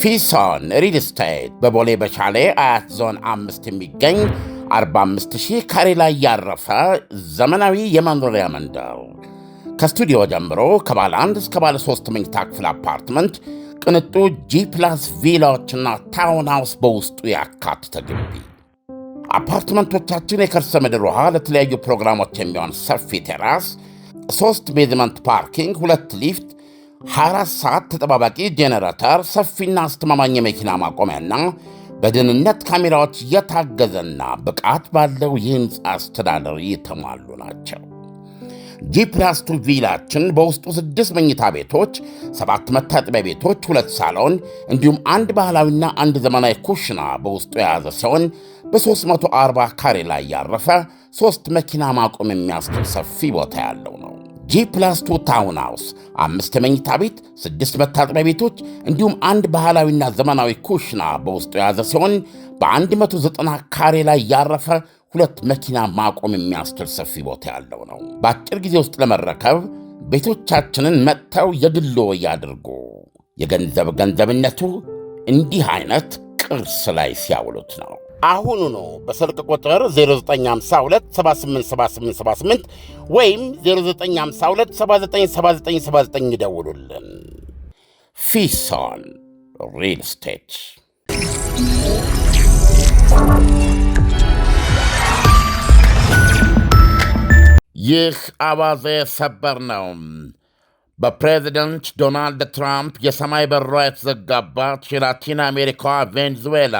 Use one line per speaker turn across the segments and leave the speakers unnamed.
ፊሶን ሪል ስቴት በቦሌ በሻሌ አያት ዞን አምስት የሚገኝ 45000 ካሬ ላይ ያረፈ ዘመናዊ የመኖሪያ መንደር ከስቱዲዮ ጀምሮ ከባለ አንድ እስከ ባለ ሶስት መኝታ ክፍል አፓርትመንት፣ ቅንጡ ጂ ፕላስ ቪላዎችና ታውን ሃውስ በውስጡ ያካተተ ግቢ። አፓርትመንቶቻችን የከርሰ ምድር ውሃ፣ ለተለያዩ ፕሮግራሞች የሚሆን ሰፊ ቴራስ፣ ሶስት ቤዝመንት ፓርኪንግ፣ ሁለት ሊፍት 24 ሰዓት ተጠባባቂ ጄኔሬተር፣ ሰፊና አስተማማኝ የመኪና ማቆሚያና በደህንነት ካሜራዎች የታገዘና ብቃት ባለው የህንፃ አስተዳደር የተሟሉ ናቸው። ጂፕላስቱ ቪላችን በውስጡ ስድስት መኝታ ቤቶች፣ ሰባት መታጠቢያ ቤቶች፣ ሁለት ሳሎን እንዲሁም አንድ ባህላዊና አንድ ዘመናዊ ኩሽና በውስጡ የያዘ ሲሆን በ340 ካሬ ላይ ያረፈ ሦስት መኪና ማቆም የሚያስችል ሰፊ ቦታ ያለው ነው። ቱ ታውን ሃውስ አምስት መኝታ ቤት፣ ስድስት መታጠቢያ ቤቶች እንዲሁም አንድ ባህላዊና ዘመናዊ ኩሽና በውስጡ የያዘ ሲሆን በ190 ካሬ ላይ ያረፈ ሁለት መኪና ማቆም የሚያስችል ሰፊ ቦታ ያለው ነው። በአጭር ጊዜ ውስጥ ለመረከብ ቤቶቻችንን መጥተው የግሎ ያድርጉ። የገንዘብ ገንዘብነቱ እንዲህ አይነት ቅርስ ላይ ሲያውሉት ነው። አሁኑ ነው በስልክ ቁጥር 0952787878 ወይም 0952797979 ይደውሉልን። ፊሳን ሪል ስቴት ይህ አባዜ ሰበር ነው። በፕሬዚደንት ዶናልድ ትራምፕ የሰማይ በሯ የተዘጋባት የላቲን አሜሪካዋ ቬንዙዌላ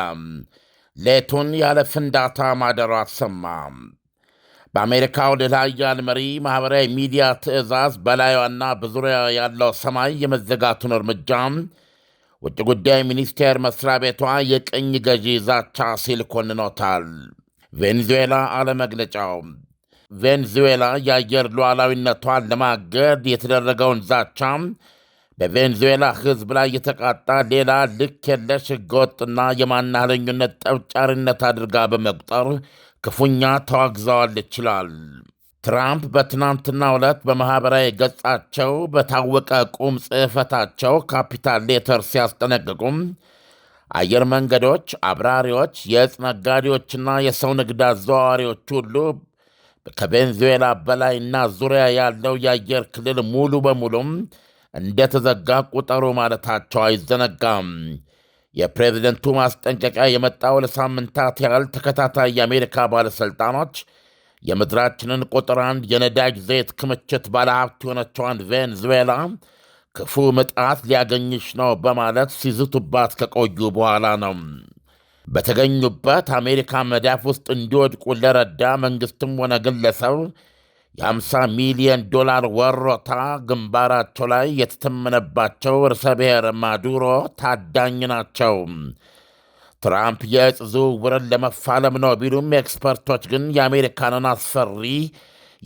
ሌቱን ያለ ፍንዳታ ማደሩ አሰማም። በአሜሪካው ሌላ ኃያል መሪ ማኅበራዊ ሚዲያ ትዕዛዝ በላዩና በዙሪያ ያለው ሰማይ የመዘጋቱን እርምጃ ውጭ ጉዳይ ሚኒስቴር መስሪያ ቤቷ የቅኝ ገዢ ዛቻ ሲል ኮንኖታል። ቬንዙዌላ አለመግለጫው ቬንዙዌላ የአየር ሉዓላዊነቷን ለማገድ የተደረገውን ዛቻ በቬንዙዌላ ሕዝብ ላይ የተቃጣ ሌላ ልክ የለሽ ሕገወጥና የማናለኝነት ጠብጫሪነት አድርጋ በመቁጠር ክፉኛ ተዋግዘዋለች ይላል። ትራምፕ በትናንትና ዕለት በማኅበራዊ ገጻቸው በታወቀ ቁም ጽሕፈታቸው ካፒታል ሌተር ሲያስጠነቅቁም አየር መንገዶች፣ አብራሪዎች፣ የእጽ ነጋዴዎችና የሰው ንግድ አዘዋዋሪዎች ሁሉ ከቬንዙዌላ በላይና ዙሪያ ያለው የአየር ክልል ሙሉ በሙሉም እንደተዘጋ ቁጠሩ ማለታቸው አይዘነጋም። የፕሬዝደንቱ ማስጠንቀቂያ የመጣው ለሳምንታት ያህል ተከታታይ የአሜሪካ ባለሥልጣኖች የምድራችንን ቁጥር አንድ የነዳጅ ዘይት ክምችት ባለሀብት የሆነችውን ቬንዙዌላ ክፉ ምጣት ሊያገኝሽ ነው በማለት ሲዝቱባት ከቆዩ በኋላ ነው። በተገኙበት አሜሪካ መዳፍ ውስጥ እንዲወድቁ ለረዳ መንግሥትም ሆነ ግለሰብ የ50 ሚሊዮን ዶላር ወሮታ ግንባራቸው ላይ የተተመነባቸው ርዕሰ ብሔር ማዱሮ ታዳኝ ናቸው። ትራምፕ የእጽ ዝውውርን ለመፋለም ነው ቢሉም ኤክስፐርቶች ግን የአሜሪካንን አስፈሪ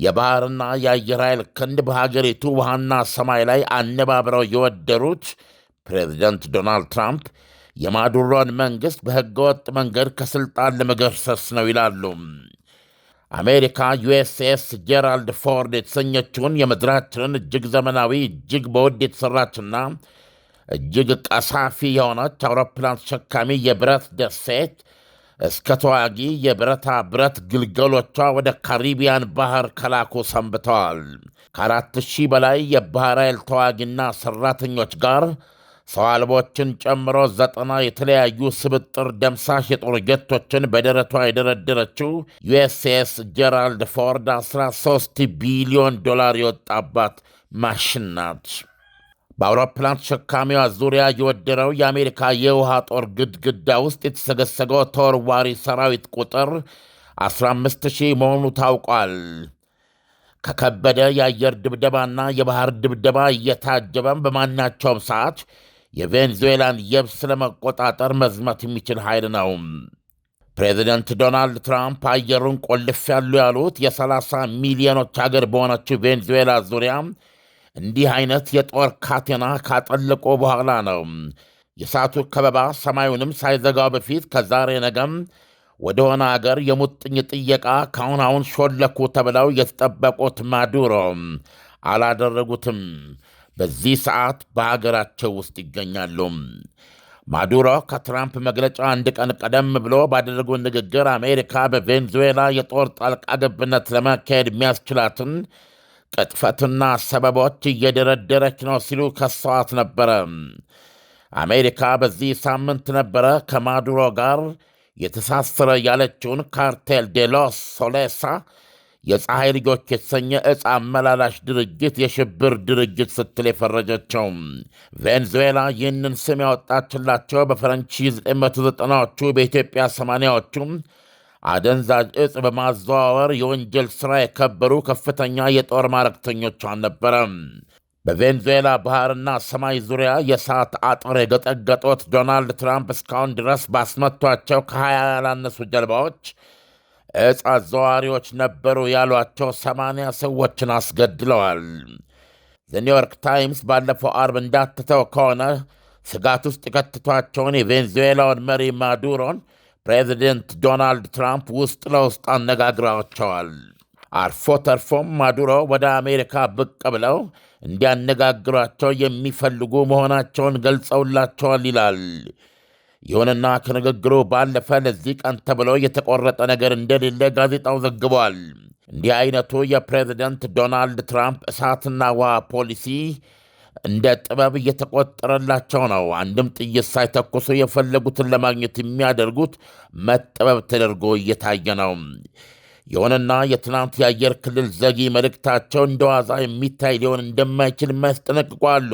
የባህርና የአየር ኃይል ክንድ በሀገሪቱ ውሃና ሰማይ ላይ አነባብረው የወደሩት ፕሬዚደንት ዶናልድ ትራምፕ የማዱሮን መንግሥት በሕገወጥ መንገድ ከሥልጣን ለመገርሰስ ነው ይላሉ። አሜሪካ ዩኤስኤስ ጄራልድ ፎርድ የተሰኘችውን የምድራችንን እጅግ ዘመናዊ እጅግ በውድ የተሠራችና እጅግ ቀሳፊ የሆነች አውሮፕላን ተሸካሚ የብረት ደሴት እስከ ተዋጊ የብረታ ብረት ግልገሎቿ ወደ ካሪቢያን ባህር ከላኩ ሰንብተዋል። ከአራት ሺህ በላይ የባህር ኃይል ተዋጊና ሠራተኞች ጋር ሰው አልቦችን ጨምሮ ዘጠና የተለያዩ ስብጥር ደምሳሽ የጦር ጀቶችን በደረቷ የደረደረችው ዩኤስኤስ ጀራልድ ፎርድ 13 ቢሊዮን ዶላር የወጣባት ማሽን ናት። በአውሮፕላን ተሸካሚዋ ዙሪያ የወደረው የአሜሪካ የውሃ ጦር ግድግዳ ውስጥ የተሰገሰገው ተወርዋሪ ሰራዊት ቁጥር 15000 መሆኑ ታውቋል። ከከበደ የአየር ድብደባና የባህር ድብደባ እየታጀበም በማናቸውም ሰዓት የቬንዙዌላን የብስ ለመቆጣጠር መዝመት የሚችል ኃይል ነው። ፕሬዚደንት ዶናልድ ትራምፕ አየሩን ቆልፍ ያሉ ያሉት የ30 ሚሊዮኖች አገር በሆነችው ቬንዙዌላ ዙሪያ እንዲህ አይነት የጦር ካቴና ካጠለቆ በኋላ ነው። የእሳቱ ከበባ ሰማዩንም ሳይዘጋው በፊት ከዛሬ ነገም ወደሆነ አገር የሙጥኝ ጥየቃ ካሁን አሁን ሾለኩ ተብለው የተጠበቁት ማዱሮ አላደረጉትም። በዚህ ሰዓት በሀገራቸው ውስጥ ይገኛሉ። ማዱሮ ከትራምፕ መግለጫ አንድ ቀን ቀደም ብሎ ባደረጉ ንግግር አሜሪካ በቬንዙዌላ የጦር ጣልቃ ገብነት ለማካሄድ የሚያስችላትን ቅጥፈትና ሰበቦች እየደረደረች ነው ሲሉ ከሰዋት ነበረ። አሜሪካ በዚህ ሳምንት ነበረ ከማዱሮ ጋር የተሳሰረ ያለችውን ካርቴል ዴሎስ ሶሌሳ የፀሐይ ልጆች የተሰኘ ዕፅ አመላላሽ ድርጅት የሽብር ድርጅት ስትል የፈረጀቸው ቬንዙዌላ ይህንን ስም ያወጣችላቸው በፈረንች 1990ዎቹ በኢትዮጵያ 80ዎቹ አደንዛዥ ዕፅ በማዘዋወር የወንጀል ሥራ የከበሩ ከፍተኛ የጦር ማረግተኞቿ ነበረ። በቬንዙዌላ ባህርና ሰማይ ዙሪያ የሰዓት አጥር የገጠገጡት ዶናልድ ትራምፕ እስካሁን ድረስ ባስመቷቸው ከ20 ያላነሱ ጀልባዎች ዕፅ አዘዋሪዎች ነበሩ ያሏቸው ሰማንያ ሰዎችን አስገድለዋል። ዘኒውዮርክ ታይምስ ባለፈው አርብ እንዳትተው ከሆነ ስጋት ውስጥ የከትቷቸውን የቬንዙዌላውን መሪ ማዱሮን ፕሬዚደንት ዶናልድ ትራምፕ ውስጥ ለውስጥ አነጋግረዋቸዋል። አርፎ ተርፎም ማዱሮ ወደ አሜሪካ ብቅ ብለው እንዲያነጋግሯቸው የሚፈልጉ መሆናቸውን ገልጸውላቸዋል ይላል ይሁንና ከንግግሩ ባለፈ ለዚህ ቀን ተብሎ የተቆረጠ ነገር እንደሌለ ጋዜጣው ዘግቧል። እንዲህ አይነቱ የፕሬዚደንት ዶናልድ ትራምፕ እሳትና ውሃ ፖሊሲ እንደ ጥበብ እየተቆጠረላቸው ነው። አንድም ጥይት ሳይተኩሱ የፈለጉትን ለማግኘት የሚያደርጉት መጥበብ ተደርጎ እየታየ ነው። የሆነና የትናንት የአየር ክልል ዘጊ መልእክታቸው እንደ ዋዛ የሚታይ ሊሆን እንደማይችል የሚያስጠነቅቋሉ።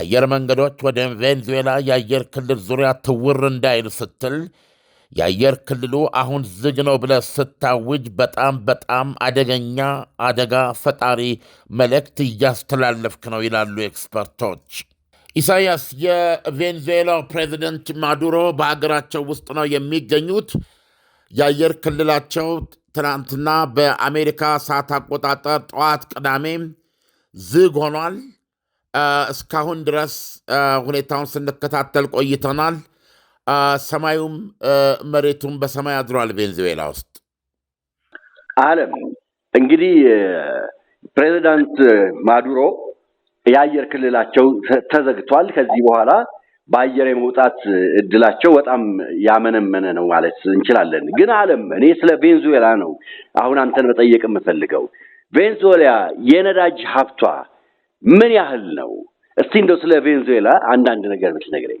አየር መንገዶች ወደ ቬንዙዌላ የአየር ክልል ዙሪያ ትውር እንዳይል ስትል የአየር ክልሉ አሁን ዝግ ነው ብለ ስታውጅ በጣም በጣም አደገኛ አደጋ ፈጣሪ መልእክት እያስተላለፍክ ነው ይላሉ ኤክስፐርቶች። ኢሳያስ፣ የቬንዙዌላው ፕሬዚደንት ማዱሮ በሀገራቸው ውስጥ ነው የሚገኙት። የአየር ክልላቸው ትናንትና በአሜሪካ ሰዓት አቆጣጠር ጠዋት ቅዳሜ ዝግ ሆኗል። እስካሁን ድረስ ሁኔታውን ስንከታተል ቆይተናል። ሰማዩም መሬቱም በሰማይ አድሯል። ቬንዙዌላ ውስጥ
አለም እንግዲህ ፕሬዚዳንት ማዱሮ የአየር ክልላቸው ተዘግቷል። ከዚህ በኋላ በአየር የመውጣት እድላቸው በጣም ያመነመነ ነው ማለት እንችላለን። ግን አለም እኔ ስለ ቬንዙዌላ ነው አሁን አንተን መጠየቅ የምፈልገው። ቬንዙዌላ የነዳጅ ሀብቷ ምን ያህል ነው? እስቲ እንደው ስለ ቬንዙዌላ አንዳንድ ነገር ምትነግረኝ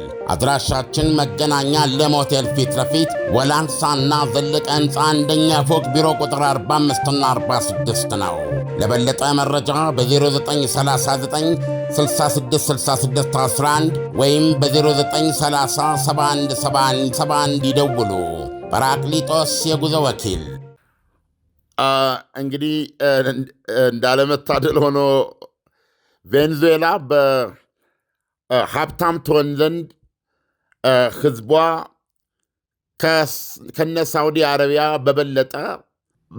አድራሻችን መገናኛ ለሞቴል ፊት ለፊት ወላንሳና ዘለቀ ህንፃ አንደኛ ፎቅ ቢሮ ቁጥር 45 እና 46 ነው። ለበለጠ መረጃ በ0939 666611 ወይም በ0930717171 ይደውሉ። ጰራቅሊጦስ የጉዞ ወኪል።
እንግዲህ እንዳለመታደል ሆኖ ቬንዙዌላ በሀብታም ትሆን ዘንድ ህዝቧ ከነ ሳውዲ አረቢያ በበለጠ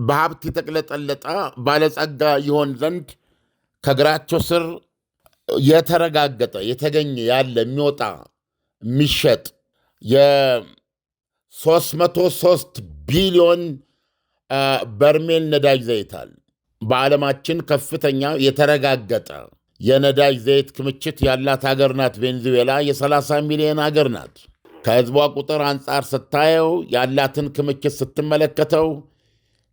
በሀብት የተቅለጠለጠ ባለጸጋ ይሆን ዘንድ ከእግራቸው ስር የተረጋገጠ የተገኘ ያለ የሚወጣ የሚሸጥ የ303 ቢሊዮን በርሜል ነዳጅ ዘይታል በዓለማችን ከፍተኛ የተረጋገጠ የነዳጅ ዘይት ክምችት ያላት ሀገር ናት። ቬንዙዌላ የ30 ሚሊዮን ሀገር ናት። ከህዝቧ ቁጥር አንጻር ስታየው ያላትን ክምችት ስትመለከተው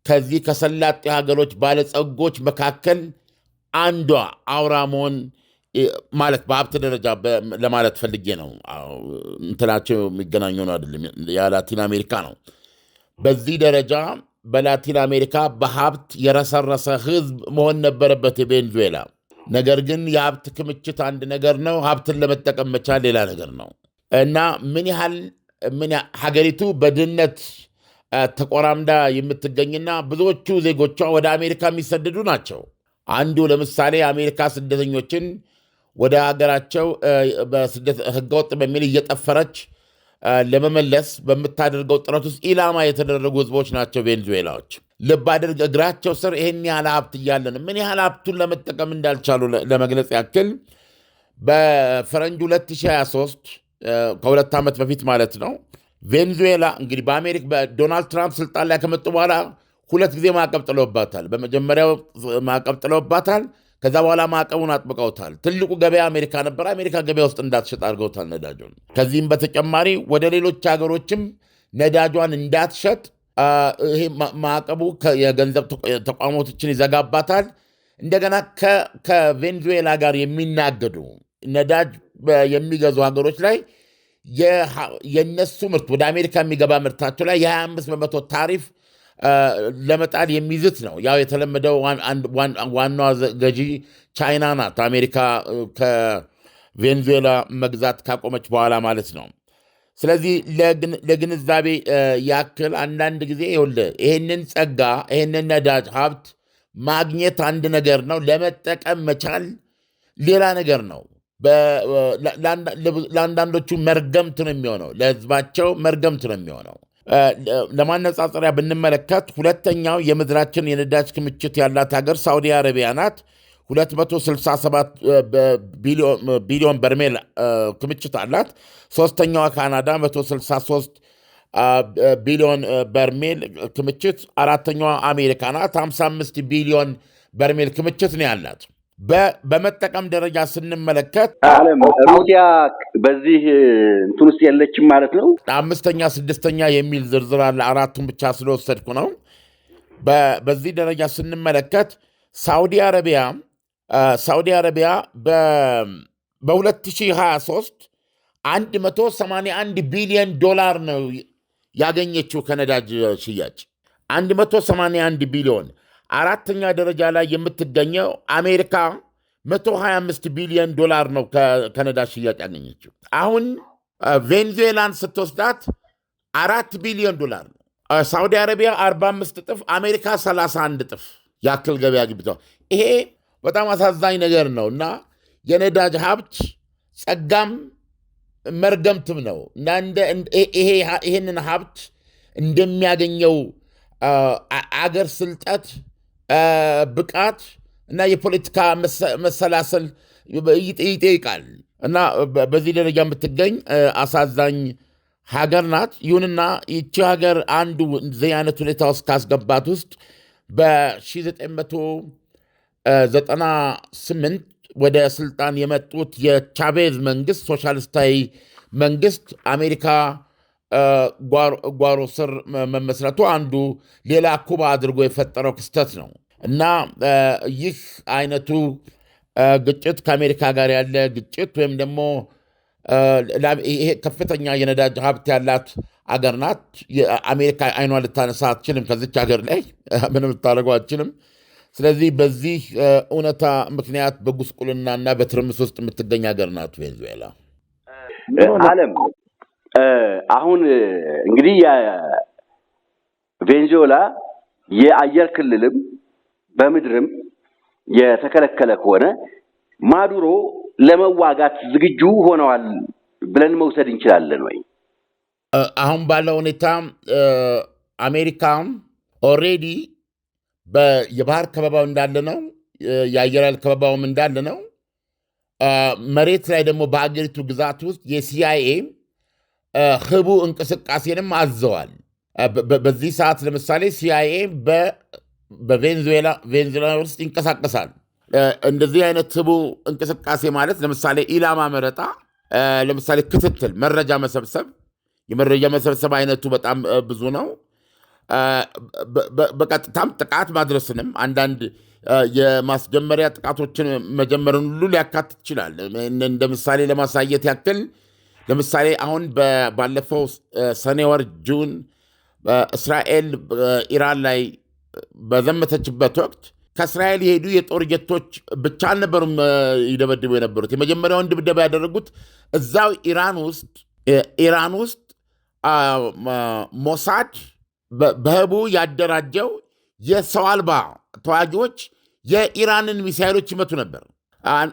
ከዚህ ከሰላጤ ሀገሮች ባለጸጎች መካከል አንዷ አውራ መሆን ማለት በሀብት ደረጃ ለማለት ፈልጌ ነው። እንትናቸው የሚገናኘው ነው አይደለም፣ የላቲን አሜሪካ ነው። በዚህ ደረጃ በላቲን አሜሪካ በሀብት የረሰረሰ ህዝብ መሆን ነበረበት የቬንዙዌላ ነገር ግን የሀብት ክምችት አንድ ነገር ነው። ሀብትን ለመጠቀም መቻል ሌላ ነገር ነው እና ምን ያህል ሀገሪቱ በድህነት ተቆራምዳ የምትገኝና ብዙዎቹ ዜጎቿ ወደ አሜሪካ የሚሰደዱ ናቸው። አንዱ ለምሳሌ አሜሪካ ስደተኞችን ወደ ሀገራቸው ህገወጥ በሚል እየጠፈረች ለመመለስ በምታደርገው ጥረት ውስጥ ኢላማ የተደረጉ ህዝቦች ናቸው ቬንዙዌላዎች። ልብ አድርግ። እግራቸው ስር ይህን ያህል ሀብት እያለን ምን ያህል ሀብቱን ለመጠቀም እንዳልቻሉ ለመግለጽ ያክል በፈረንጅ 2023 ከሁለት ዓመት በፊት ማለት ነው ቬንዙዌላ እንግዲህ በአሜሪካ በዶናልድ ትራምፕ ስልጣን ላይ ከመጡ በኋላ ሁለት ጊዜ ማዕቀብ ጥለውባታል። በመጀመሪያው ማዕቀብ ጥለውባታል። ከዛ በኋላ ማዕቀቡን አጥብቀውታል። ትልቁ ገበያ አሜሪካ ነበር። አሜሪካ ገበያ ውስጥ እንዳትሸጥ አድርገውታል ነዳጇን። ከዚህም በተጨማሪ ወደ ሌሎች ሀገሮችም ነዳጇን እንዳትሸጥ ይሄ ማዕቀቡ የገንዘብ ተቋሞቶችን ይዘጋባታል። እንደገና ከቬንዙዌላ ጋር የሚናገዱ ነዳጅ የሚገዙ ሀገሮች ላይ የነሱ ምርት ወደ አሜሪካ የሚገባ ምርታቸው ላይ የ25 በመቶ ታሪፍ ለመጣል የሚዝት ነው። ያው የተለመደው ዋናዋ ገዢ ቻይና ናት። አሜሪካ ከቬንዙዌላ መግዛት ካቆመች በኋላ ማለት ነው። ስለዚህ ለግንዛቤ ያክል አንዳንድ ጊዜ ይኸውልህ ይህንን ጸጋ ይህንን ነዳጅ ሀብት ማግኘት አንድ ነገር ነው። ለመጠቀም መቻል ሌላ ነገር ነው። ለአንዳንዶቹ መርገምት ነው የሚሆነው፣ ለህዝባቸው መርገምት ነው የሚሆነው። ለማነጻጸሪያ ብንመለከት ሁለተኛው የምድራችን የነዳጅ ክምችት ያላት ሀገር ሳውዲ አረቢያ ናት። 267 ቢሊዮን በርሜል ክምችት አላት። ሶስተኛዋ ካናዳ 163 ቢሊዮን በርሜል ክምችት፣ አራተኛዋ አሜሪካ ናት 55 ቢሊዮን በርሜል ክምችት ነው ያላት። በመጠቀም ደረጃ ስንመለከት አለም ሩሲያ በዚህ እንትን ውስጥ የለችም ማለት ነው። አምስተኛ ስድስተኛ የሚል ዝርዝር አለ። አራቱን ብቻ ስለወሰድኩ ነው። በዚህ ደረጃ ስንመለከት ሳውዲ አረቢያ ሳዑዲ አረቢያ በ2023 181 ቢሊዮን ዶላር ነው ያገኘችው ከነዳጅ ሽያጭ 181 ቢሊዮን። አራተኛ ደረጃ ላይ የምትገኘው አሜሪካ 125 ቢሊዮን ዶላር ነው ከነዳጅ ሽያጭ ያገኘችው። አሁን ቬንዙዌላን ስትወስዳት አራት ቢሊዮን ዶላር ነው። ሳዑዲ አረቢያ 45 እጥፍ፣ አሜሪካ 31 እጥፍ ያክል ገበያ ግብተዋል። ይሄ በጣም አሳዛኝ ነገር ነው እና የነዳጅ ሀብት ጸጋም መርገምትም ነው እና ይሄንን ሀብት እንደሚያገኘው አገር ስልጠት፣ ብቃት እና የፖለቲካ መሰላሰል ይጠይቃል እና በዚህ ደረጃ የምትገኝ አሳዛኝ ሀገር ናት። ይሁንና ይቺ ሀገር አንዱ እንደዚህ አይነት ሁኔታ ውስጥ ካስገባት ውስጥ በ1900 ዘጠና ወደ ስልጣን የመጡት የቻቬዝ መንግስት ሶሻሊስታዊ መንግስት አሜሪካ ጓሮ ስር መመስረቱ አንዱ ሌላ ኩባ አድርጎ የፈጠረው ክስተት ነው እና ይህ አይነቱ ግጭት ከአሜሪካ ጋር ያለ ግጭት ወይም ደግሞ ይሄ ከፍተኛ የነዳጅ ሀብት ያላት አገር ናት። አሜሪካ አይኗ ልታነሳ አትችልም። ከዚች ሀገር ላይ ምንም ልታደርገው አትችልም። ስለዚህ በዚህ እውነታ ምክንያት በጉስቁልናና በትርምስ ውስጥ የምትገኝ ሀገር ናት ቬንዙዌላ። አለም አሁን እንግዲህ ቬንዙዌላ የአየር ክልልም በምድርም የተከለከለ ከሆነ ማዱሮ ለመዋጋት ዝግጁ ሆነዋል ብለን መውሰድ እንችላለን ወይ? አሁን ባለው ሁኔታ አሜሪካም ኦሬዲ። የባህር ከበባው እንዳለ ነው። የአየር ኃይል ከበባውም እንዳለ ነው። መሬት ላይ ደግሞ በአገሪቱ ግዛት ውስጥ የሲአይኤ ህቡ እንቅስቃሴንም አዘዋል። በዚህ ሰዓት ለምሳሌ ሲአይኤ በቬንዙዌላ ውስጥ ይንቀሳቀሳል። እንደዚህ አይነት ህቡ እንቅስቃሴ ማለት ለምሳሌ ኢላማ መረጣ፣ ለምሳሌ ክትትል፣ መረጃ መሰብሰብ የመረጃ መሰብሰብ አይነቱ በጣም ብዙ ነው። በቀጥታም ጥቃት ማድረስንም አንዳንድ የማስጀመሪያ ጥቃቶችን መጀመርን ሁሉ ሊያካትት ይችላል። እንደ ምሳሌ ለማሳየት ያክል ለምሳሌ አሁን ባለፈው ሰኔ ወር ጁን እስራኤል ኢራን ላይ በዘመተችበት ወቅት ከእስራኤል የሄዱ የጦር ጀቶች ብቻ አልነበሩም ይደበድቡ የነበሩት። የመጀመሪያውን ድብደባ ያደረጉት እዛው ኢራን ውስጥ ኢራን ውስጥ ሞሳድ በህቡ ያደራጀው የሰው አልባ ተዋጊዎች የኢራንን ሚሳይሎች ይመቱ ነበር።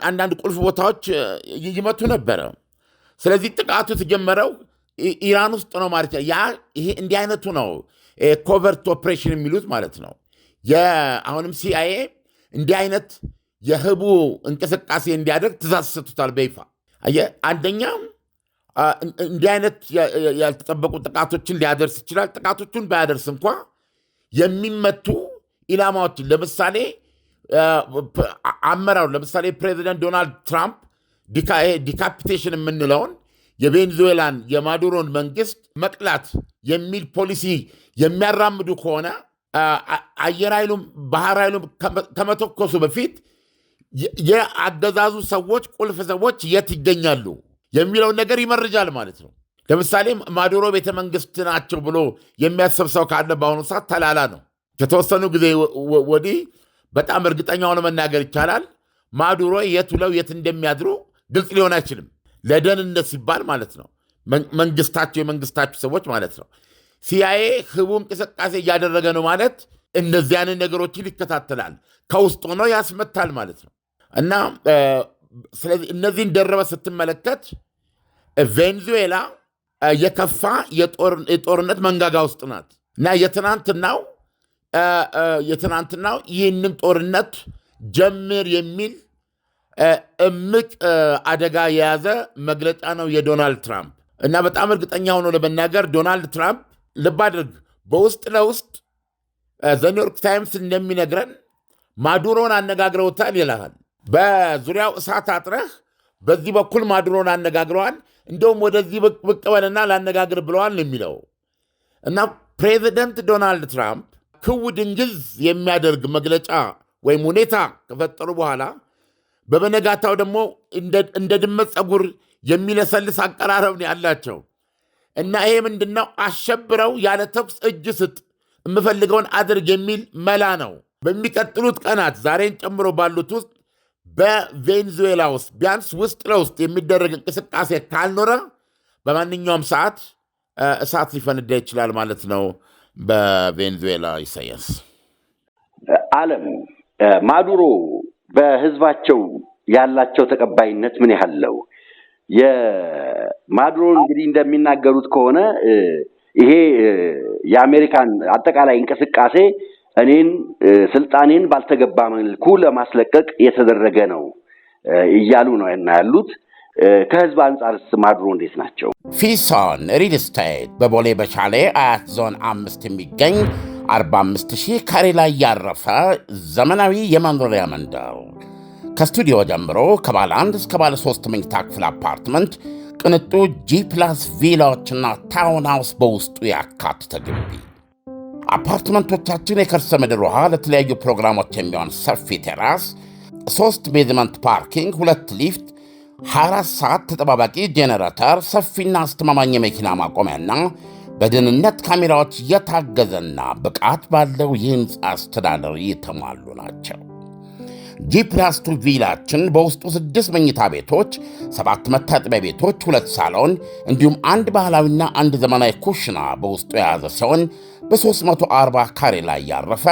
አንዳንድ ቁልፍ ቦታዎች ይመቱ ነበረ። ስለዚህ ጥቃቱ የተጀመረው ኢራን ውስጥ ነው ማለት ያ ይሄ እንዲህ አይነቱ ነው ኮቨርት ኦፕሬሽን የሚሉት ማለት ነው። አሁንም ሲአይኤ እንዲህ አይነት የህቡ እንቅስቃሴ እንዲያደርግ ትእዛዝ ሰጥቶታል በይፋ አንደኛም እንዲህ አይነት ያልተጠበቁ ጥቃቶችን ሊያደርስ ይችላል። ጥቃቶቹን ባያደርስ እንኳ የሚመቱ ኢላማዎችን ለምሳሌ አመራሩ ለምሳሌ ፕሬዚደንት ዶናልድ ትራምፕ ዲካፒቴሽን የምንለውን የቬንዙዌላን የማዱሮን መንግስት መቅላት የሚል ፖሊሲ የሚያራምዱ ከሆነ አየር ኃይሉም ባህር ኃይሉም ከመተኮሱ በፊት የአገዛዙ ሰዎች ቁልፍ ሰዎች የት ይገኛሉ? የሚለውን ነገር ይመርጃል ማለት ነው። ለምሳሌ ማዱሮ ቤተ መንግስት ናቸው ብሎ የሚያስብ ሰው ካለ በአሁኑ ሰዓት ተላላ ነው። ከተወሰኑ ጊዜ ወዲህ በጣም እርግጠኛ ሆነ መናገር ይቻላል ማዱሮ የት ውለው የት እንደሚያድሩ ግልጽ ሊሆን አይችልም። ለደህንነት ሲባል ማለት ነው። መንግስታቸው የመንግስታቸው ሰዎች ማለት ነው። ሲአይኤ ህቡ እንቅስቃሴ እያደረገ ነው ማለት እንደዚህ ነገሮችን ይከታተላል፣ ከውስጥ ሆነው ያስመታል ማለት ነው እና ስለዚህ እነዚህን ደረበ ስትመለከት ቬንዙዌላ የከፋ የጦርነት መንጋጋ ውስጥ ናት እና የትናንትናው የትናንትናው ይህንም ጦርነት ጀምር የሚል እምቅ አደጋ የያዘ መግለጫ ነው የዶናልድ ትራምፕ። እና በጣም እርግጠኛ ሆኖ ለመናገር ዶናልድ ትራምፕ ልብ አድርግ፣ በውስጥ ለውስጥ ዘ ታይምስ እንደሚነግረን ማዱሮን አነጋግረውታል ይልሃል። በዙሪያው እሳት አጥረህ በዚህ በኩል ማድሮን አነጋግረዋል። እንደውም ወደዚህ ብቅ በልና ላነጋግር ብለዋል የሚለው እና ፕሬዚደንት ዶናልድ ትራምፕ ክው ድንግዝ የሚያደርግ መግለጫ ወይም ሁኔታ ከፈጠሩ በኋላ በበነጋታው ደግሞ እንደ ድመት ፀጉር የሚለሰልስ አቀራረብ ያላቸው እና ይሄ ምንድነው? አሸብረው ያለ ተኩስ እጅ ስጥ፣ የምፈልገውን አድርግ የሚል መላ ነው። በሚቀጥሉት ቀናት ዛሬን ጨምሮ ባሉት ውስጥ በቬንዙዌላ ውስጥ ቢያንስ ውስጥ ለውስጥ የሚደረግ እንቅስቃሴ ካልኖረ በማንኛውም ሰዓት እሳት ሊፈነዳ ይችላል ማለት ነው። በቬንዙዌላ ኢሳያስ አለም ማዱሮ በህዝባቸው ያላቸው ተቀባይነት ምን ያህል ነው? የማዱሮ እንግዲህ እንደሚናገሩት ከሆነ ይሄ የአሜሪካን አጠቃላይ እንቅስቃሴ እኔን ስልጣኔን ባልተገባ መልኩ ለማስለቀቅ የተደረገ ነው እያሉ ነው እና ያሉት ከህዝብ አንጻርስ ማድሮ እንዴት ናቸው?
ፊሶን ሪል ስቴት በቦሌ በቻሌ አያት ዞን አምስት የሚገኝ 45 ሺህ ካሬ ላይ ያረፈ ዘመናዊ የመኖሪያ መንደር ከስቱዲዮ ጀምሮ ከባለ አንድ እስከ ባለ ሶስት መኝታ ክፍል አፓርትመንት፣ ቅንጡ ጂ ፕላስ ቪላዎችና ታውን ሃውስ በውስጡ ያካተተ ግቢ አፓርትመንቶቻችን የከርሰ ምድር ውሃ፣ ለተለያዩ ፕሮግራሞች የሚሆን ሰፊ ቴራስ፣ ሶስት ቤዝመንት ፓርኪንግ፣ ሁለት ሊፍት፣ 24 ሰዓት ተጠባባቂ ጄኔሬተር፣ ሰፊና አስተማማኝ የመኪና ማቆሚያና በደህንነት ካሜራዎች የታገዘና ብቃት ባለው የህንፃ አስተዳደር የተሟሉ ናቸው። ጂፕላስቱ ቪላችን በውስጡ ስድስት መኝታ ቤቶች፣ ሰባት መታጠቢያ ቤቶች፣ ሁለት ሳሎን እንዲሁም አንድ ባህላዊና አንድ ዘመናዊ ኩሽና በውስጡ የያዘ ሲሆን በ340 ካሬ ላይ ያረፈ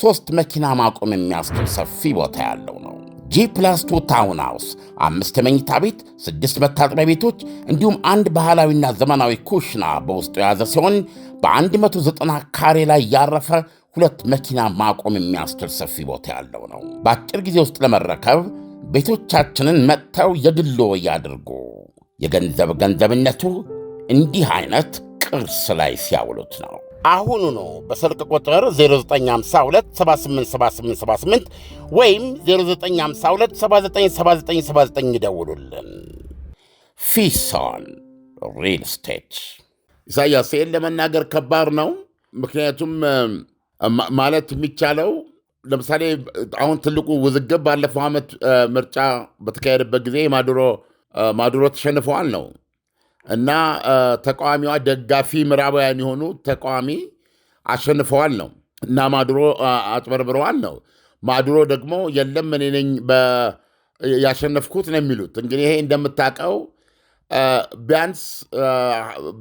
ሦስት መኪና ማቆም የሚያስችል ሰፊ ቦታ ያለው ነው። ጂ ፕላስ ቱ ታውን ሃውስ አምስት መኝታ ቤት፣ ስድስት መታጠቢያ ቤቶች እንዲሁም አንድ ባህላዊና ዘመናዊ ኩሽና በውስጡ የያዘ ሲሆን በ190 ካሬ ላይ ያረፈ ሁለት መኪና ማቆም የሚያስችል ሰፊ ቦታ ያለው ነው። በአጭር ጊዜ ውስጥ ለመረከብ ቤቶቻችንን መጥተው የድሎ ያድርጉ። የገንዘብ ገንዘብነቱ እንዲህ አይነት ቅርስ ላይ ሲያውሉት ነው። አሁኑ ነው በስልክ ቁጥር 0952787878 ወይም 0952797979 ይደውሉልን። ፊሶን ሪል ስቴት።
ኢሳያስ ይህን ለመናገር ከባድ ነው። ምክንያቱም ማለት የሚቻለው ለምሳሌ አሁን ትልቁ ውዝግብ ባለፈው ዓመት ምርጫ በተካሄደበት ጊዜ ማዱሮ ማዱሮ ተሸንፈዋል ነው እና ተቃዋሚዋ ደጋፊ ምዕራባውያን የሆኑ ተቃዋሚ አሸንፈዋል ነው እና ማድሮ አጭበርብረዋል ነው። ማድሮ ደግሞ የለም እኔ ነኝ ያሸነፍኩት ነው የሚሉት። እንግዲህ ይሄ እንደምታውቀው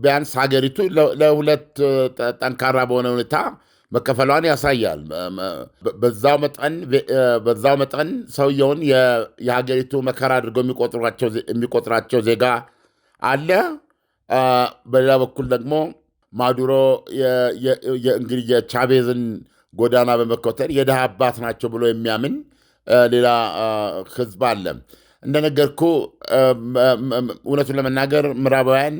ቢያንስ ሀገሪቱ ለሁለት ጠንካራ በሆነ ሁኔታ መከፈሏን ያሳያል። በዛው መጠን ሰውየውን የሀገሪቱ መከራ አድርገው የሚቆጥራቸው ዜጋ አለ። በሌላ በኩል ደግሞ ማዱሮ እንግዲህ የቻቬዝን ጎዳና በመከተል የድሃ አባት ናቸው ብሎ የሚያምን ሌላ ህዝብ አለ። እንደነገርኩ እውነቱን ለመናገር ምዕራባውያን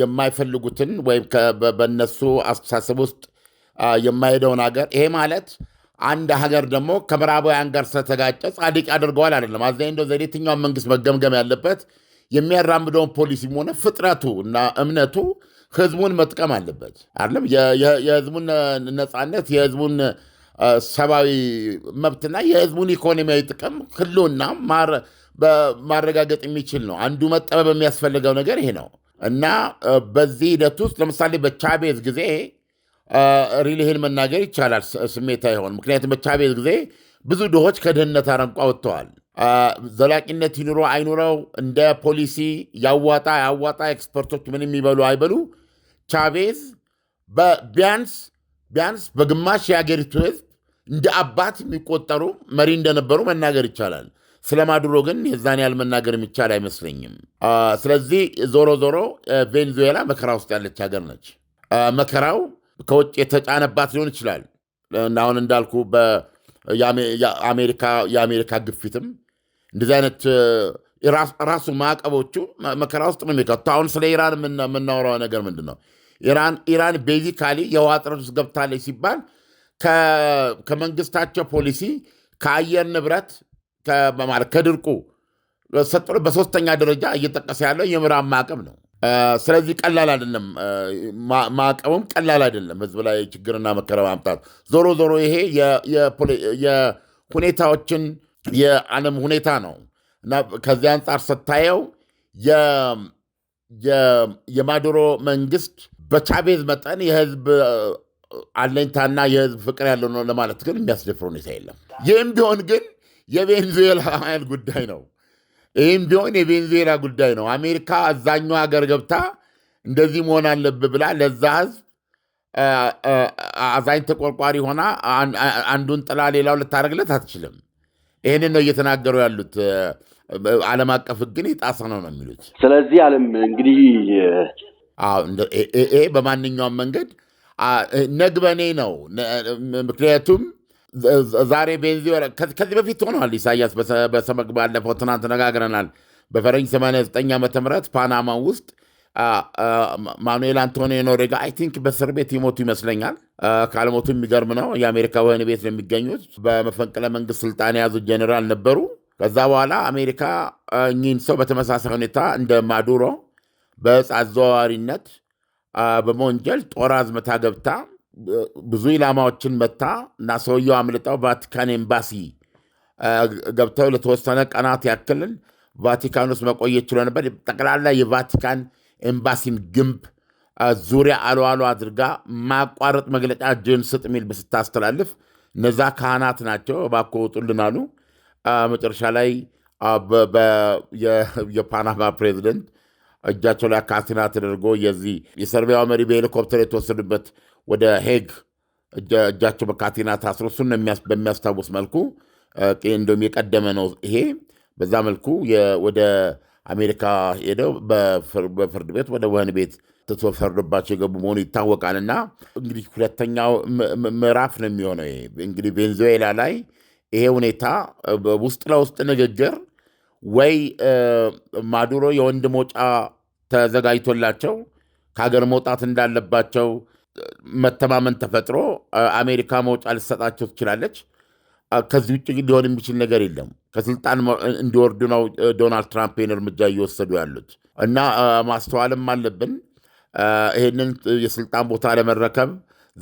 የማይፈልጉትን ወይም በነሱ አስተሳሰብ ውስጥ የማይሄደውን ሀገር ይሄ ማለት አንድ ሀገር ደግሞ ከምዕራባውያን ጋር ስለተጋጨ ጻድቅ አድርገዋል አይደለም። አዘ እንደው የትኛውን መንግስት መገምገም ያለበት የሚያራምደውን ፖሊሲም ሆነ ፍጥረቱ እና እምነቱ ህዝቡን መጥቀም አለበት። አለም የህዝቡን ነፃነት፣ የህዝቡን ሰብአዊ መብትና የህዝቡን ኢኮኖሚያዊ ጥቅም ህልውና ማረጋገጥ የሚችል ነው። አንዱ መጠበብ የሚያስፈልገው ነገር ይሄ ነው እና በዚህ ሂደት ውስጥ ለምሳሌ በቻቤዝ ጊዜ ሪልህን መናገር ይቻላል ስሜታ ይሆን። ምክንያቱም በቻቤዝ ጊዜ ብዙ ድሆች ከድህነት አረንቋ ወጥተዋል። ዘላቂነት ይኑሮ አይኑረው፣ እንደ ፖሊሲ ያዋጣ ያዋጣ፣ ኤክስፐርቶች ምን የሚበሉ አይበሉ፣ ቻቬዝ ቢያንስ ቢያንስ በግማሽ የሀገሪቱ ህዝብ እንደ አባት የሚቆጠሩ መሪ እንደነበሩ መናገር ይቻላል። ስለ ማዱሮ ግን የዛን ያህል መናገር የሚቻል አይመስለኝም። ስለዚህ ዞሮ ዞሮ ቬንዙዌላ መከራ ውስጥ ያለች ሀገር ነች። መከራው ከውጭ የተጫነባት ሊሆን ይችላል። አሁን እንዳልኩ የአሜሪካ ግፊትም እንደዚህ አይነት ራሱ ማዕቀቦቹ መከራ ውስጥ ነው የሚከቱ። አሁን ስለ ኢራን የምናወራው ነገር ምንድን ነው? ኢራን ቤዚካሊ የውሃ ጥረት ውስጥ ገብታለች ሲባል ከመንግስታቸው ፖሊሲ፣ ከአየር ንብረት ከድርቁ ሰጥሎ በሶስተኛ ደረጃ እየጠቀሰ ያለው የምዕራብ ማዕቀብ ነው። ስለዚህ ቀላል አይደለም፣ ማዕቀቡም ቀላል አይደለም። ህዝብ ላይ ችግርና መከራ ማምጣት ዞሮ ዞሮ ይሄ የሁኔታዎችን የዓለም ሁኔታ ነው እና ከዚያ አንጻር ስታየው የማዱሮ መንግስት በቻቤዝ መጠን የህዝብ አለኝታና የህዝብ ፍቅር ያለው ነው ለማለት ግን የሚያስደፍር ሁኔታ የለም። ይህም ቢሆን ግን የቬንዙዌላውያን ጉዳይ ነው። ይህም ቢሆን የቬንዙዌላ ጉዳይ ነው። አሜሪካ አዛኛው ሀገር ገብታ እንደዚህ መሆን አለብ ብላ ለዛ ህዝብ አዛኝ ተቆርቋሪ ሆና አንዱን ጥላ ሌላው ልታደርግለት አትችልም። ይህንን ነው እየተናገሩ ያሉት። ዓለም አቀፍ ሕግን የጣሰ ነው ነው የሚሉት። ስለዚህ ዓለም እንግዲህ ይሄ በማንኛውም መንገድ ነግበኔ ነው። ምክንያቱም ዛሬ ቤንዚ ከዚህ በፊት ሆነዋል። ኢሳያስ በሰመግ ባለፈው ትናንት ነጋግረናል። በፈረንጅ 89 ዓ ም ፓናማ ውስጥ ማኑኤል አንቶኒዮ ኖሬጋ አይ ቲንክ በእስር ቤት ይሞቱ ይመስለኛል። ካለሞቱ የሚገርም ነው። የአሜሪካ ወህኒ ቤት ነው የሚገኙት። በመፈንቅለ መንግስት ስልጣን የያዙ ጀኔራል ነበሩ። ከዛ በኋላ አሜሪካ እኚህን ሰው በተመሳሳይ ሁኔታ እንደ ማዱሮ በእጽ አዘዋዋሪነት በመወንጀል ጦር አዝመታ ገብታ ብዙ ኢላማዎችን መታ እና ሰውየው አምልጠው ቫቲካን ኤምባሲ ገብተው ለተወሰነ ቀናት ያክልን ቫቲካን ውስጥ መቆየት ችሎ ነበር። ጠቅላላ የቫቲካን ኤምባሲን ግንብ ዙሪያ አለዋሎ አድርጋ ማቋረጥ መግለጫ እጅን ስጥ የሚል ስታስተላልፍ እነዛ ካህናት ናቸው ባኮ ውጡልን አሉ። መጨረሻ ላይ የፓናማ ፕሬዚደንት እጃቸው ላይ ካቴና ተደርጎ የዚህ የሰርቢያው መሪ በሄሊኮፕተር የተወሰዱበት ወደ ሄግ እጃቸው በካቴና ታስሮ እሱን በሚያስታውስ መልኩ እንደውም የቀደመ ነው ይሄ። በዛ መልኩ ወደ አሜሪካ ሄደው በፍርድ ቤት ወደ ወህኒ ቤት ትቶ ፈርዶባቸው የገቡ መሆኑ ይታወቃል። እና እንግዲህ ሁለተኛው ምዕራፍ ነው የሚሆነው እንግዲህ ቬንዙዌላ ላይ ይሄ ሁኔታ ውስጥ ለውስጥ ንግግር ወይ ማዱሮ የወንድ መውጫ ተዘጋጅቶላቸው ከሀገር መውጣት እንዳለባቸው መተማመን ተፈጥሮ አሜሪካ መውጫ ልትሰጣቸው ትችላለች። ከዚህ ውጭ ሊሆን የሚችል ነገር የለም። ከስልጣን እንዲወርዱ ነው ዶናልድ ትራምፕን እርምጃ እየወሰዱ ያሉት እና ማስተዋልም አለብን። ይህንን የስልጣን ቦታ ለመረከብ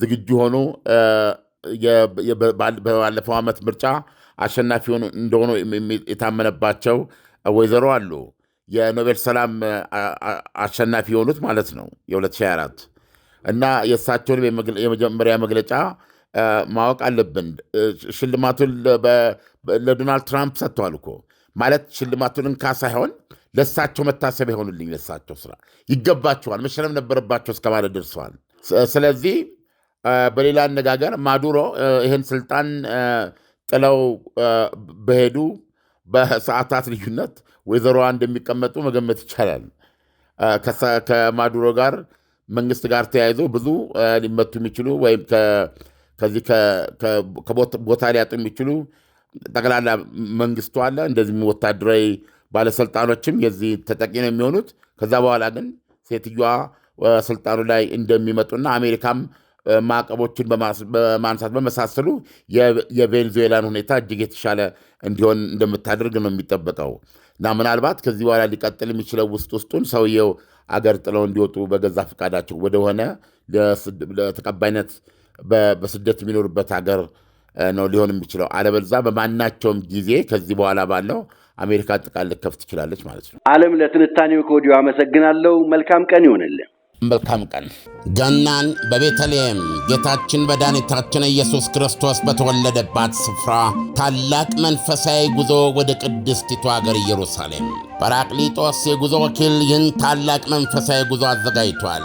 ዝግጁ ሆኑ። በባለፈው ዓመት ምርጫ አሸናፊ እንደሆኑ የታመነባቸው ወይዘሮ አሉ የኖቤል ሰላም አሸናፊ የሆኑት ማለት ነው፣ የ2024 እና የእሳቸውንም የመጀመሪያ መግለጫ ማወቅ አለብን። ሽልማቱን ለዶናልድ ትራምፕ ሰጥተዋል እኮ ማለት ሽልማቱን እንካ ሳይሆን ለሳቸው መታሰብ የሆኑልኝ ለሳቸው ስራ ይገባቸዋል፣ መሸለም ነበረባቸው እስከማለት ደርሰዋል። ስለዚህ በሌላ አነጋገር ማዱሮ ይህን ስልጣን ጥለው በሄዱ በሰዓታት ልዩነት ወይዘሮዋ እንደሚቀመጡ መገመት ይቻላል። ከማዱሮ ጋር መንግስት ጋር ተያይዞ ብዙ ሊመቱ የሚችሉ ወይም ከዚህ ከቦታ ሊያጡ የሚችሉ ጠቅላላ መንግስቱ አለ። እንደዚህም ወታደራዊ ባለስልጣኖችም የዚህ ተጠቂ ነው የሚሆኑት። ከዛ በኋላ ግን ሴትዮዋ ስልጣኑ ላይ እንደሚመጡና አሜሪካም ማዕቀቦችን በማንሳት በመሳሰሉ የቬንዙዌላን ሁኔታ እጅግ የተሻለ እንዲሆን እንደምታደርግ ነው የሚጠበቀው እና ምናልባት ከዚህ በኋላ ሊቀጥል የሚችለው ውስጥ ውስጡን ሰውየው አገር ጥለው እንዲወጡ በገዛ ፈቃዳቸው ወደሆነ ለተቀባይነት በስደት የሚኖሩበት ሀገር ነው ሊሆን የሚችለው። አለበዛ በማናቸውም ጊዜ ከዚህ በኋላ ባለው አሜሪካ ጥቃት ልከፍት ትችላለች ማለት ነው። አለም ለትንታኔው ከወዲሁ አመሰግናለሁ። መልካም ቀን ይሆንልን። መልካም
ቀን። ገናን በቤተልሔም ጌታችን መድኃኒታችን ኢየሱስ ክርስቶስ በተወለደባት ስፍራ ታላቅ መንፈሳዊ ጉዞ ወደ ቅድስቲቱ አገር ኢየሩሳሌም። ጰራቅሊጦስ የጉዞ ወኪል ይህን ታላቅ መንፈሳዊ ጉዞ አዘጋጅቷል።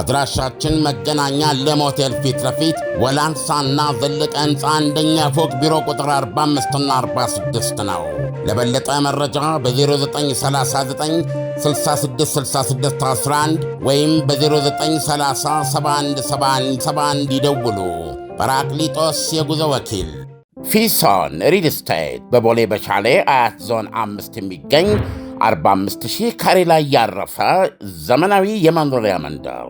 አድራሻችን መገናኛ ለም ሆቴል ፊት ለፊት ወላንሳና ዘለቀ ህንፃ አንደኛ ፎቅ ቢሮ ቁጥር 45ና 46 ነው። ለበለጠ መረጃ በ0939666611 ወይም በ0930717171 ይደውሉ። ጰራቅሊጦስ የጉዞ ወኪል ፊሶን ሪል ስቴት በቦሌ በሻሌ አያት ዞን አምስት የሚገኝ 45 ሺህ ካሬ ላይ ያረፈ ዘመናዊ የመኖሪያ መንደር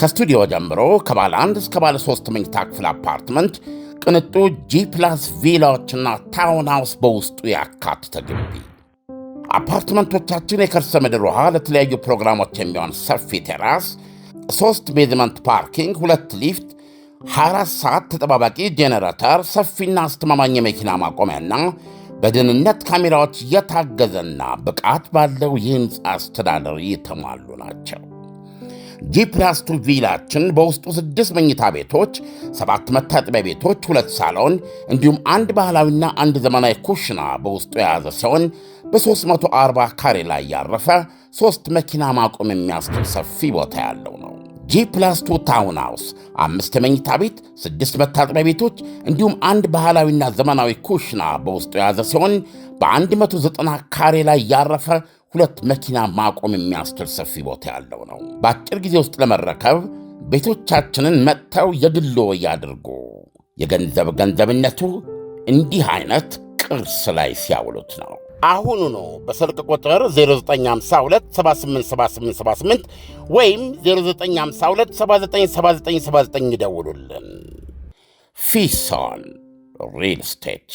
ከስቱዲዮ ጀምሮ ከባለ አንድ እስከ ባለ ሶስት መኝታ ክፍል አፓርትመንት፣ ቅንጡ ጂ ፕላስ ቪላዎችና ታውን ሃውስ በውስጡ ያካተተ ግቢ። አፓርትመንቶቻችን የከርሰ ምድር ውሃ፣ ለተለያዩ ፕሮግራሞች የሚሆን ሰፊ ቴራስ፣ ሶስት ቤዝመንት ፓርኪንግ፣ ሁለት ሊፍት 24 ሰዓት ተጠባባቂ ጄኔሬተር፣ ሰፊና አስተማማኝ የመኪና ማቆሚያና በደህንነት ካሜራዎች የታገዘና ብቃት ባለው የህንፃ አስተዳደር የተሟሉ ናቸው። ጂፕላስ ቪላችን በውስጡ ስድስት መኝታ ቤቶች፣ ሰባት መታጠቢያ ቤቶች፣ ሁለት ሳሎን እንዲሁም አንድ ባህላዊና አንድ ዘመናዊ ኩሽና በውስጡ የያዘ ሲሆን በ340 ካሬ ላይ ያረፈ ሦስት መኪና ማቆም የሚያስችል ሰፊ ቦታ ያለው ነው። ጂ ፕላስ ቱ ታውን ሃውስ አምስት መኝታ ቤት፣ ስድስት መታጠቢያ ቤቶች እንዲሁም አንድ ባህላዊና ዘመናዊ ኩሽና በውስጡ የያዘ ሲሆን በ190 ካሬ ላይ ያረፈ ሁለት መኪና ማቆም የሚያስችል ሰፊ ቦታ ያለው ነው። በአጭር ጊዜ ውስጥ ለመረከብ ቤቶቻችንን መጥተው የግሎ ያድርጉ። የገንዘብ ገንዘብነቱ እንዲህ አይነት ቅርስ ላይ ሲያውሉት ነው። አሁኑ ነው በስልክ ቁጥር 0952787878 ወይም 0952797979 ይደውሉልን። ፊሳን ሪል ስቴት